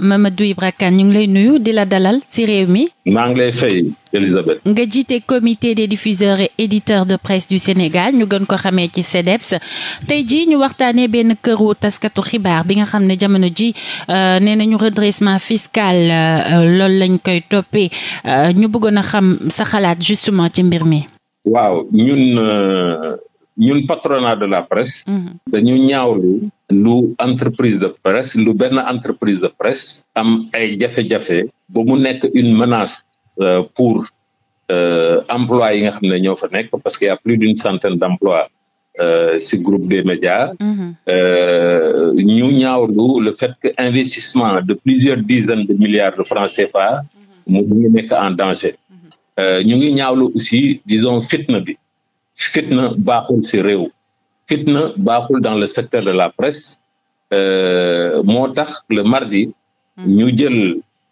Mamadou Ibra Kane ñu ngi lay nuyu di la dalal ci réew mi. maa ngi lay fay Elisabeth. nga jiite commité des diffuseurs et éditeurs de presse du Sénégal ñu gën ko xamee ci CDEPS tey jii ñu waxtaanee benn këru taskatu xibaar bi nga xam ne jamono ji euh, nee nañu redressement fiscal euh, loolu lañ koy toppee euh, ñu bëggoon a xam sa xalaat justement ci mbir mi. waaw ñun ñun de la presse. Mhm. dañu ñaawlu lu entreprise de presse lu benn entreprise de presse am ay jafe-jafe ba mu nekk une menace euh, pour euh, emploi yi nga xam ne ñoo fa nekk parce que y a plus d'une centaine d'emplois euh, ci groupe des médias mhm. ñu ñaawlu le fait que investissement de plusieurs dizaines de milliards de francs CFA mhm. mu ngi nekk en danger ñu ngi ñaawlu aussi dison fitna bi fitna baaxul si réew fitna baaxul dans le secteur de la presse euh, moo tax le mardi hmm. ñu mm. jël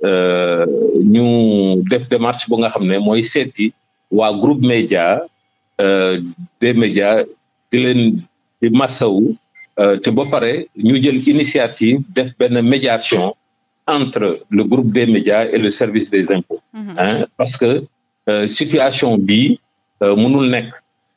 euh, ñu def démarche bu nga xam ne mooy seeti waa groupe média euh, des médias di leen di massawu euh, te ba pare ñu jël initiative def benn médiation entre le groupe des médias et le service des impôts hmm. hein, parce que euh, situation bi mënul nekk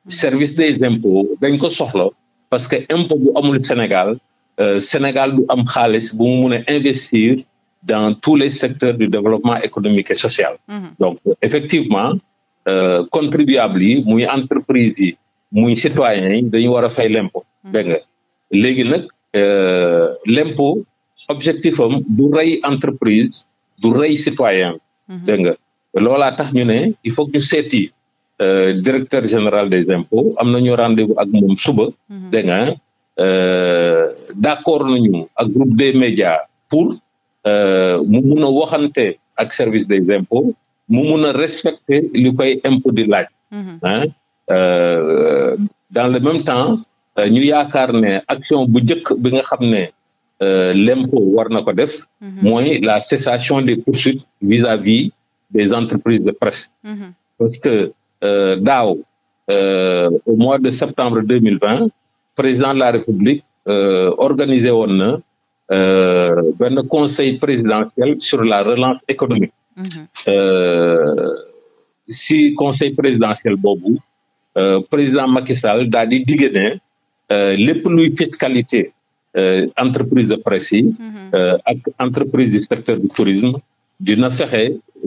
service des impôts dañ ko soxla parce que impôt bu amul Sénégal euh, Sénégal du am xaalis bu mu mun a investir dans tous les secteurs du développement économique et social. Mm-hmm. donc effectivement euh, contribuable yi muy entreprise yi muy citoyens yi dañu war a fay l'impôt mm-hmm. dégg nga léegi nag euh, l'impôt objectif am du rey entreprise du rey citoyen. Mm-hmm. dégg nga tax ñu ne il faut que ñu seeti. Euh, directeur général des impôts am nañu rendez-vous ak moom suba. Mhm. de nga euh, d'accord nañu ak groupe des médias pour euh, mu mun waxante ak service des impôts mu mun a respecter li koy impôt di laaj. Mhm. Ah, dans le même temps ñu yaakaar ne action bu njëkk bi nga xam ne. l'impôt war na ko def mhm. mooy la cessation des poursuites vis-à-vis des entreprises de presse parce que Euh, daaw euh, au mois de septembre deux mille vingt président de la république euh, organisé woon na benn conseil présidentiel sur la relance économique. Mhm. si conseil présidentiel boobu président Macky Sall daal di digge lépp luy fiscalité entreprise de presse mhm. ak entreprise du secteur du tourisme dina fexe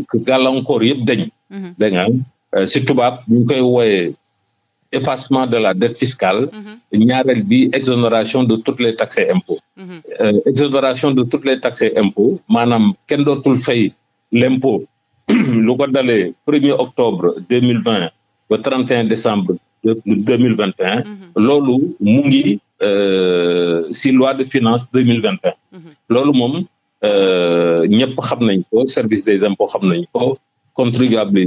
que gàllankoor yëpp dañ. Mhm. nga Euh, si tubaab ñu ngi koy wooyee effacement de la dette fiscale mhm. ñaareel bi exonération de toutes les taxes et impôts mhm. euh, exonération de toutes les taxes et impôts maanaam kenn dootul fay l'impôt lu ko dalee premier octobre deux mille vingt ba trente et un décembre deux mille vingt et un mhm. loolu mu euh, si loi de finances deux mille vingt et un loolu moom ñëpp xam nañ ko service des impôts xam nañ ko contribuable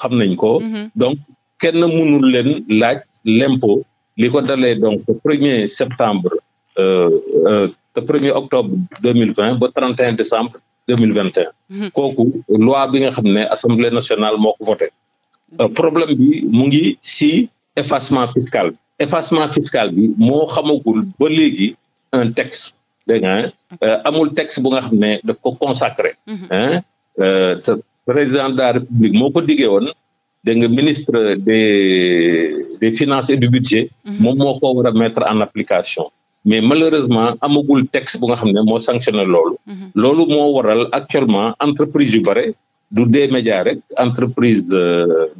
xam nañ ko. Mhm. donc kenn munu leen laaj l'impôt li ko dalee donc premier septembre te euh, euh, premier octobre deux mille vingt ba trente et décembre deux mille vingt et un mhm. loi bi nga xam ne assemblée nationale moo ko euh, mhm. problème bi mu ngi si effacement fiscal effacement fiscal bi moo xamagul ba léegi un texte dégg nga amul texte bu nga xam ne daf ko consacré. président de la république moo ko diggee woon dégg nga ministre des des finances et du budget. Mhm. moom moo ko mettre en application. mais malheureusement amagul texte bu nga xam ne moo sanctionné loolu. Mhm. loolu moo waral actuellement entreprise yu bare du des médias rek entreprise de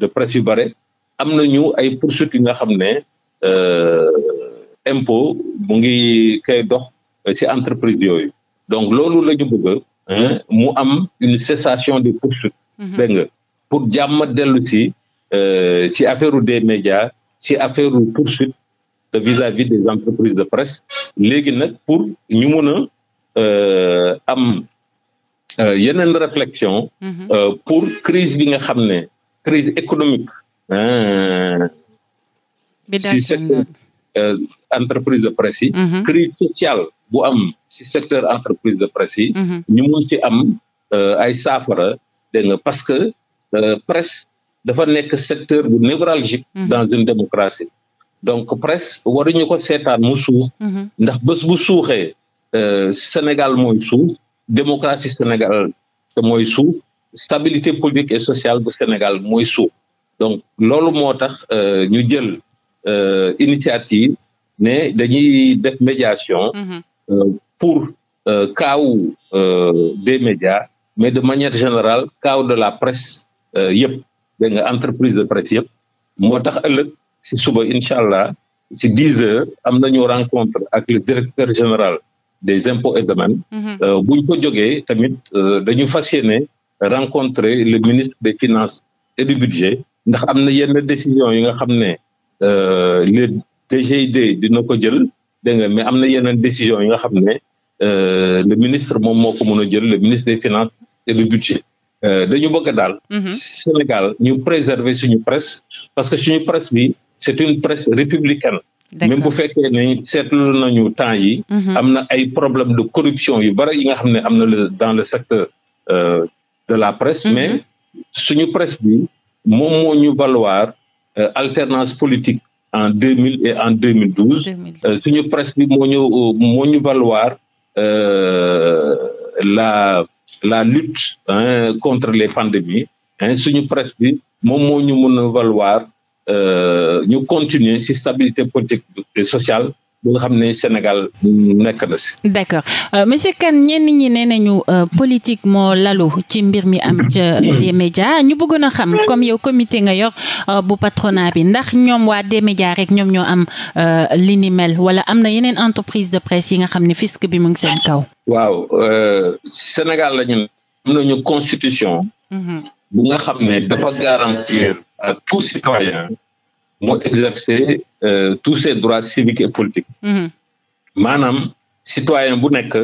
de yu bare am na ñu ay poursuites yi nga xam ne euh, impôt mu ngi dox ci entreprise yooyu donc loolu la ñu bëgg. mu am une cessation des poursuites. Mhm. dégg nga pour jàmm dellu si si euh, affaire des si affaire poursuite de vis-à-vis des entreprises de presse léegi nag pour ñu mën a euh, am euh, yeneen réflexion. Mhm. pour crise bi nga xam ne crise économique. bi si secteur Euh, entreprise de presse yi. Mhm. crise sociale bu am ci secteur entreprise de presse yi. Mhm. ñu mun ci am euh, ay saafara dégg nga parce que euh, presse dafa nekk secteur bu névralgique. Mhm. dans une démocratie. donc presse waruñu ko seetaan mu suux. ndax bu suuxee Sénégal mooy suux démocratie Sénégal te mooy suux stabilité politique et sociale bu Sénégal mooy suux donc loolu moo tax ñu jël. Euh, initiative ne dañuy def médiation. Mhm. Euh, pour kaaw euh, des médias mais de manière générale kaaw de la presse yëpp dégg nga entreprise de presse yëpp moo tax ëllëg si suba incha allah si dix heures am nañu rencontre ak le directeur général des impôts et domaines. bu ñu ko tamit dañu fas yéene rencontrer le ministre des finances et du budget ndax am na yenn décision yi nga xam ne. Euh, le DGID dina ko jël dégg mais am na yeneen décision yi nga xam ne euh, le ministre moom moo ko mën a jël le ministre des finances et du budget euh, dañu bëgg daal mhm. Sénégal ñu préserver suñu presse parce que suñu presse bi c'est une presse républicaine même bu fekkee ni seetlu nañu temps yi mhm. am na ay problème de corruption yu bari yi nga xam ne am na le dans le secteur de la presse mhm. mais suñu presse bi moom moo ñu valoir Euh, alternance politique en deux mille et en deux 2012 euh, suñu presse bi moo ñu moo ñu valoir euh, la la lutte hein, contre les pandémies suñu presse bi moom moo ñu mën a valoir ñu continuer ci stabilité politique sociale bu nga xam ne Sénégal nekk na si. d'accord euh, monsieur Kane ñenn ñi nee nañu euh, politique moo lalu ci mbir mi am ca d ñu bëggoon a xam comme yow comité nga yor euh, bu patronat bi ndax ñoom waa D-Média rek ñoom ñoo am li ni mel wala am na yeneen entreprise de presse yi nga xam ne fisc bi mu ngi seen kaw. waaw Sénégal la ñu am nañu constitution. Mhm. bu nga xam ne dafa garantir tout citoyen mu exercer Euh, tous ces droits civiques et politiques. Mhm. maanaam citoyen bu nekk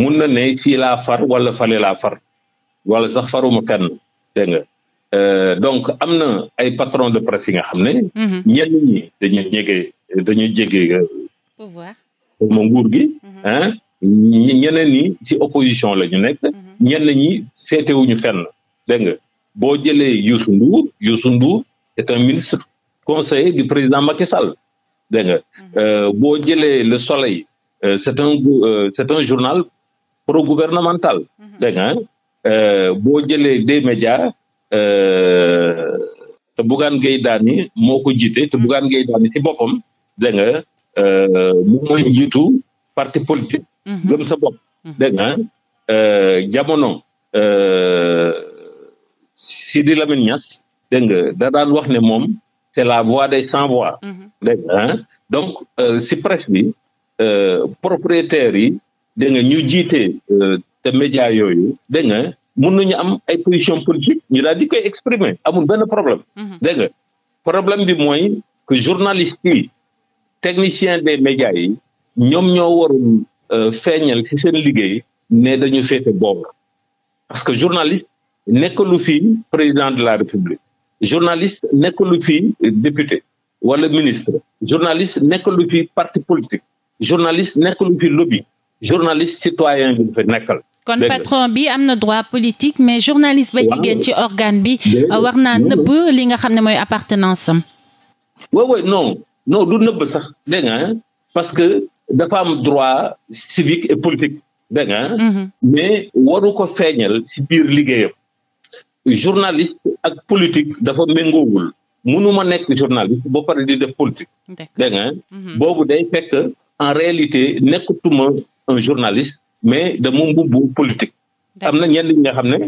mun na ne kii laa far wala fale laa far wala sax faruma kenn dégg nga euh, donc am na ay patron de presse yi xam ne. Mhm. ñenn ñi dañu jege dañu jege. Euh, pouvoir moom nguur gi. Mhm. ñeneen ñi ci opposition la ñu nekk. ñenn ñi féetewuñu fenn dégg bo boo jëlee Youssou Ndour Youssou Ndour ministre. conseiller du président Macky Sall bo nga mhm. euh, le soleil euh, c'est un euh, c'est un journal pro gouvernemental mhm. dégg nga euh, boo des médias euh, te Bougane Gueye Dany moo ko mhm. Bougane Gueye ci boppam dégg nga moom parti politique gëm sa bopp dégg nga jamono Sidi Lamine Niass da daan wax ne c'est la voix des sans voix. Mm-hmm. dégg nga donc euh, si presse bi euh, propriétaires yi dégg ñu jiite euh, te média yooyu dégg nga mun nañu am ay position politique ñu daal di koy exprimer problème. Mm-hmm. dégg problème bi mooy que journaliste yi technicien des médias yi ñoom ñoo warul feeñal ci seen liggéey ne dañu féete boor parce que journaliste nekkalu fi président de la république. journaliste nekkalu fi député wala ministre journaliste nekkalu fi parti politique journaliste nekkalu fi lobby journaliste citoyen bi dafa nekkal. kon patron bi am na droit politique mais journaliste ba jigéen ci organe bi war naa nëbb li nga xam ne mooy appartenance am. oui oui non du nëbb sax dégg nga parce que dafa am droit civique et politique dégg nga mhm. mais waru ko feeñal ci biir liggéeyam. journaliste ak politique dafa méngoowul mënuma nekk journaliste bo pare di def politique dégg nga mhm. boobu day fekk en réalité nekkatuma un journaliste mais dama mbubbu politique am na ñenn ñi nga xam ne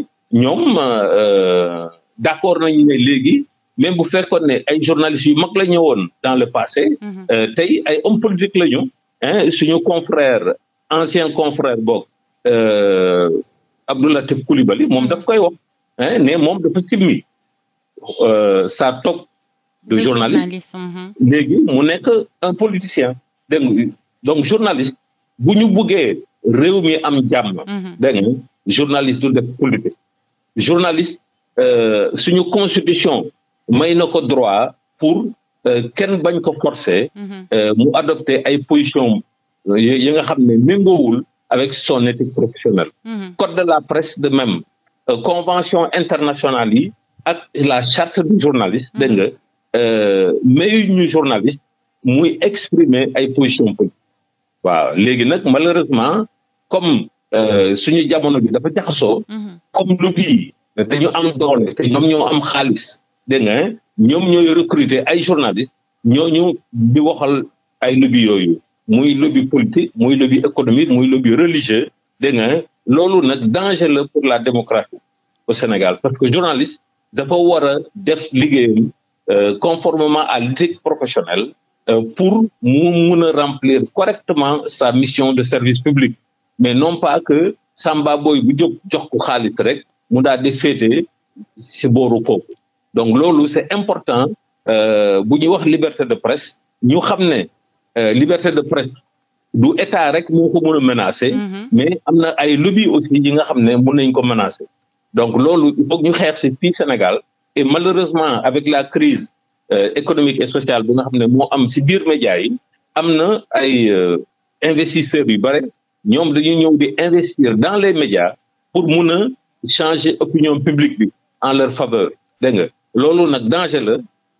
ñoom euh, d'accord nañu ne léegi même bu fekkoon ne ay journalistes yu mag la ñëwoon dans le passé mhm. euh, tey ay hommes politiques la ñu suñu confrère ancien confrère boog euh, Abdoulatif Coulibaly moom mhm. daf koy wax ne moom dafa simmi euh, sa toog de journaliste uh-huh. léegi mu nekk un politicien dégg donc journaliste bu ñu buggee réew mi am jàmm uh-huh. dégg nga journaliste du def politique journaliste euh, suñu constitution may na ko droit pour euh, kenn bañ ko forcer uh-huh. mu adopter ay position yi nga xam ne méngoowul avec son éthique professionnelle code de la presse de même Euh, convention internationale yi ak la charte du journaliste mm-hmm. dégg nga euh, mayu ñu journaliste muy exprimer ay position politique waaw léegi nag malheureusement comme euh, suñu jamono bi dafa jaxasoo mm-hmm. comme lu bii dañu am doole te ñoom ñoo am xaalis dégg nga ñoom ñooy recruter ay journalistes ñooñu di waxal ay lobby yooyu muy lobby politique muy lobby économique muy lobby religieux dégg nga loolu nag danger la pour la démocratie au Sénégal parce que journaliste dafa war a def liggéeyam euh, conformément à l'éthique professionnelle euh, pour mu mun a remplir correctement sa mission de service public mais non pas que Samba Boy bu jóg jox xaalis rek mu daal di féete si booru kooku donc loolu c'est important euh, bu ñuy wax liberté de presse ñu xam ne liberté de presse du état rek moo ko mën a mhm. mais am na ay lobby aussi yi nga xam ne mën nañ ko menacer. donc loolu il faut ñu xeex si fii Sénégal et malheureusement avec la crise euh, économique et sociale bu nga xam ne moo am si biir média yi am na ay euh, investisseur yu bare ñoom dañuy ñëw di investir dans les médias pour mun a changer opinion publique bi en leur faveur dégg nga loolu nag danger la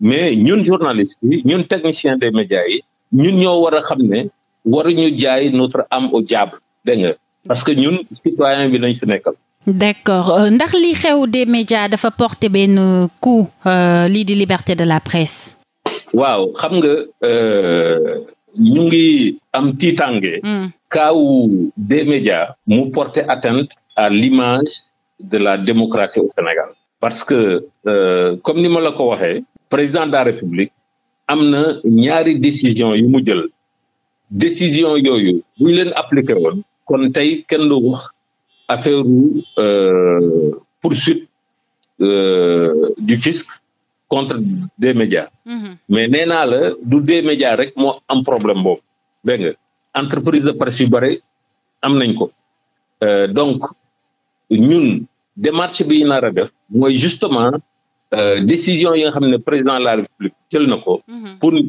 mais ñun journalistes ñun techniciens des médias yi ñun ñoo war a xam ne waruñu jaay notre am au diable dégg nga parce que ñun citoyen bi nañ fi nekkal. d'accord euh, ndax li xew des médias dafa porter benn coup euh, lii di liberté de la presse. waaw xam nga euh, ñu ngi am tiitange. Hmm. kaawu des médias mu porté atteinte à l'image de la démocratie au Sénégal. parce que euh, comme ni ma la ko waxe président de République am na ñaari décision yu mu jël. décision yooyu buñ leen appliqué woon kon tey kenn du wax affaire euh, poursuite euh, du fisc contre des médias mm-hmm. mais nee naa la du des médias rek moo am problème boobu dégg nga entreprise de presse yu bare am nañ ko euh, donc ñun démarche bi ñu nar a def mooy justement euh, décision yi nga xam ne président de la république jël na ko mm-hmm. pour ñu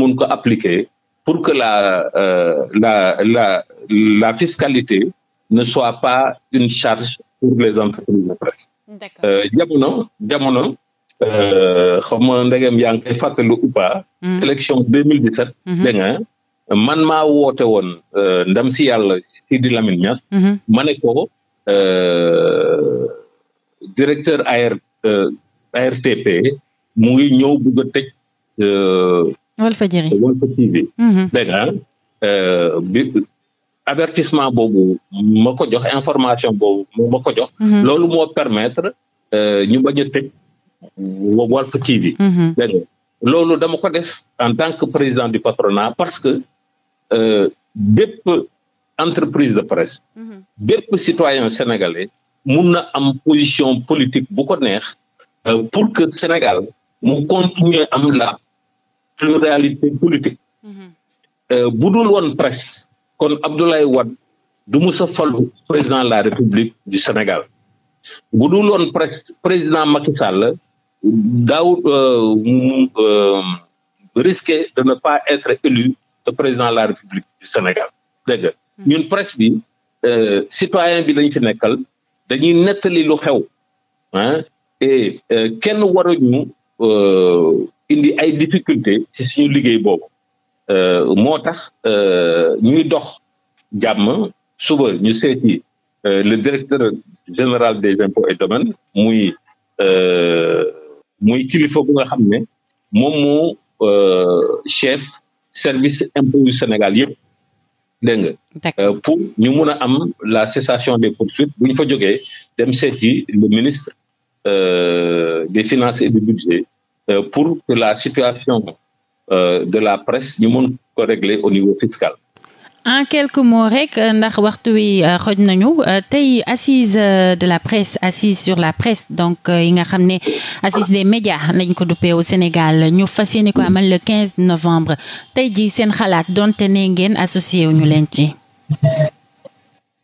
mun ko appliquer pour que euh, la, la, la, fiscalité ne soit pas une charge pour les entreprises de presse. Euh, jamono jamono euh, xam nga ndegem yaa ngi koy fàttali ou pas. Mm-hmm. élection 2017. Mm-hmm. dégg nga man maa woote woon si yàlla Sidi Lamine Niass. Mm-hmm. ma ne ko directeur ARTP mu ngi ñëw bëgg a tëj. Walfadjri Walf TV. Mm-hmm. dégg nga euh, avertissement boobu ma ko jox information boobu ma ko jox. Mm-hmm. loolu moo permettre euh, ñu bañ a tëj Walf mm-hmm. loolu dama ko def en tant que président du patronat parce que euh, bépp entreprise de presse. bépp citoyen sénégalais mun na am position politique bu ko neex pour que Sénégal mu continuer am la. une réalité politique. Mm-hmm. Euh, bu dul woon presse kon Abdoulaye Wade du musa falu président de la République du Sénégal bu dul woon presse président Macky Sall daaw euh, mu euh, risqué de ne pas être élu le président la République du Sénégal dégg mm-hmm. ñun presse bi citoyen bi lañ ci nekkal dañuy nettali lu xew ah et kenn waruñu. indi ay difficulté ci suñu liggéey boobu euh, moo tax euh, ñuy dox jàmm suba ñu seeti euh, le directeur général des impôts et domaines muy muy kilifa bu nga xam ne moom moo chef service impôt yu Sénégal yëpp dégg nga pour ñu mun a am la cessation des poursuites bu ñu fa jogee dem seeti le ministre des finances et du budget Euh, pour que la situation euh, de la presse ñu mun ko régler au niveau fiscal. en quelques mots rek ndax waxtu wi euh, xoj nañu tey assise de la presse assise sur la presse donc yi nga xam ne assise des médias lañ ko duppee au Sénégal ñu fas yéene amal le 15 novembre tey ji seen xalaat donte ne ngeen associé wu ñu leen ci.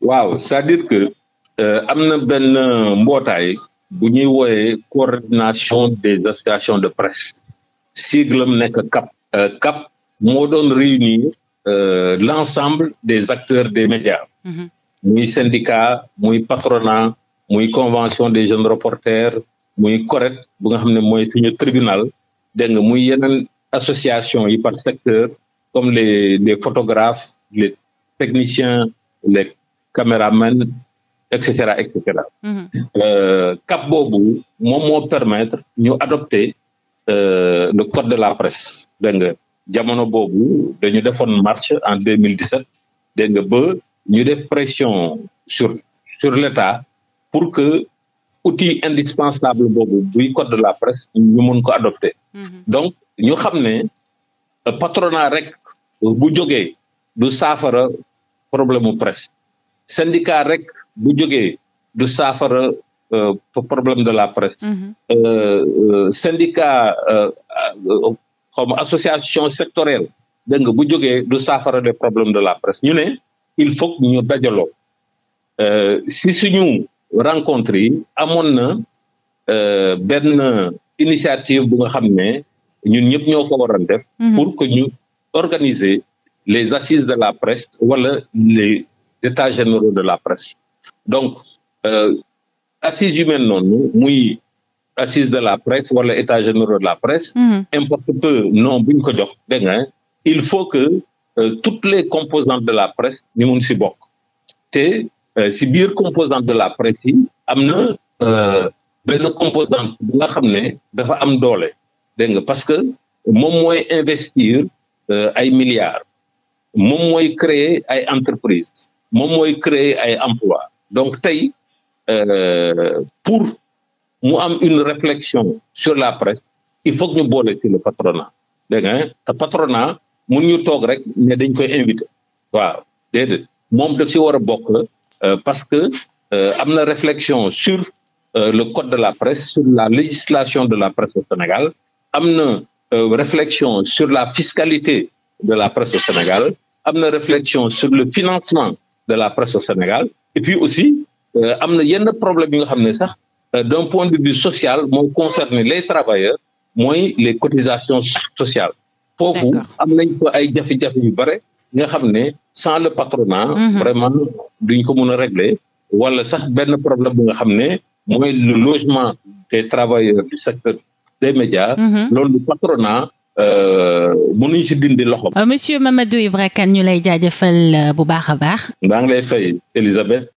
waaw bu ñuy wooyee coordination des associations de presse siglam nekk CAP euh, CAP moo doon réunir euh, l'ensemble des acteurs des médias mhm. muy mm muy patronat muy convention des jeunes reporters muy CORED bu nga xam ne mooy suñu tribunal dégg nga muy yeneen association yi par secteur comme les les photographes les techniciens les caméramans et cetera et cetera. Mm-hmm. Euh, cap boobu moom moo permettre ñu adopter euh, le code de la presse dégg nga jamono boobu dañu defoon marche en 2017 dégg nga ba ñu def pression sur sur l'État pour que outil indispensable boobu buy code de la presse ñu mën ko adopter. Mm-hmm. donc ñu xam ne euh, rek bu jógee du saafara problème presse syndicat rek. bu jógee du saafara euh, problème de la presse. Mm-hmm. Euh, euh, syndicat xaw ma association sectorielle dégg nga bu jógee du saafara des problème de la presse ñu ne il faut ñu dajaloo si suñu rencontre yi amoon na benn initiative bu nga xam ne ñun ñëpp ñoo ko war a mm-hmm. pour que ñu organiser les assises de la presse wala les états généraux de la presse. donc euh, assises yu mel noonu muy assise de la presse wala état généraux de la presse. Mhm. importe peu non bu ñu ko jox dégg il faut que euh, toutes les composantes de la presse ñu mun si bokk te euh, si biir composante de la presse yi am na euh, benn composante bi nga xam ne dafa am doole dégg nga parce que moom mooy investir euh, ay milliards moom mooy créer ay entreprises moom mooy créer ay emplois donc tey euh, pour mu am une réflexion sur la presse il faut que ñu boole ci le patronat dégg nga te patronat mun ñu toog rek ne dañ koy invité waaw déedéet moom daf si war a bokk euh, parce que euh, am na réflexion sur le code de la presse sur la législation de la presse au Sénégal am na réflexion sur la fiscalité de la presse au Sénégal am na réflexion sur le financement de la presse au Sénégal et aussi euh, am na yenn problème yi nga xam ne sax euh, d'un point de vue social moo concerne les travailleurs mooy les cotisations sociales foofu am nañ ay jafe-jafe yu bare nga xam ne sans le patronat mhm. vraiment duñ ko mën a réglé wala sax benn problème bu nga xam ne mooy le logement des travailleurs du secteur des médias mhm. loolu patronat Euh, mënuñ si dindi loxo. Euh, monsieur Mamadou Ibra Kane ñu lay jaajëfal euh, bu baax a baax. maa ngi lay fay Elisabeth.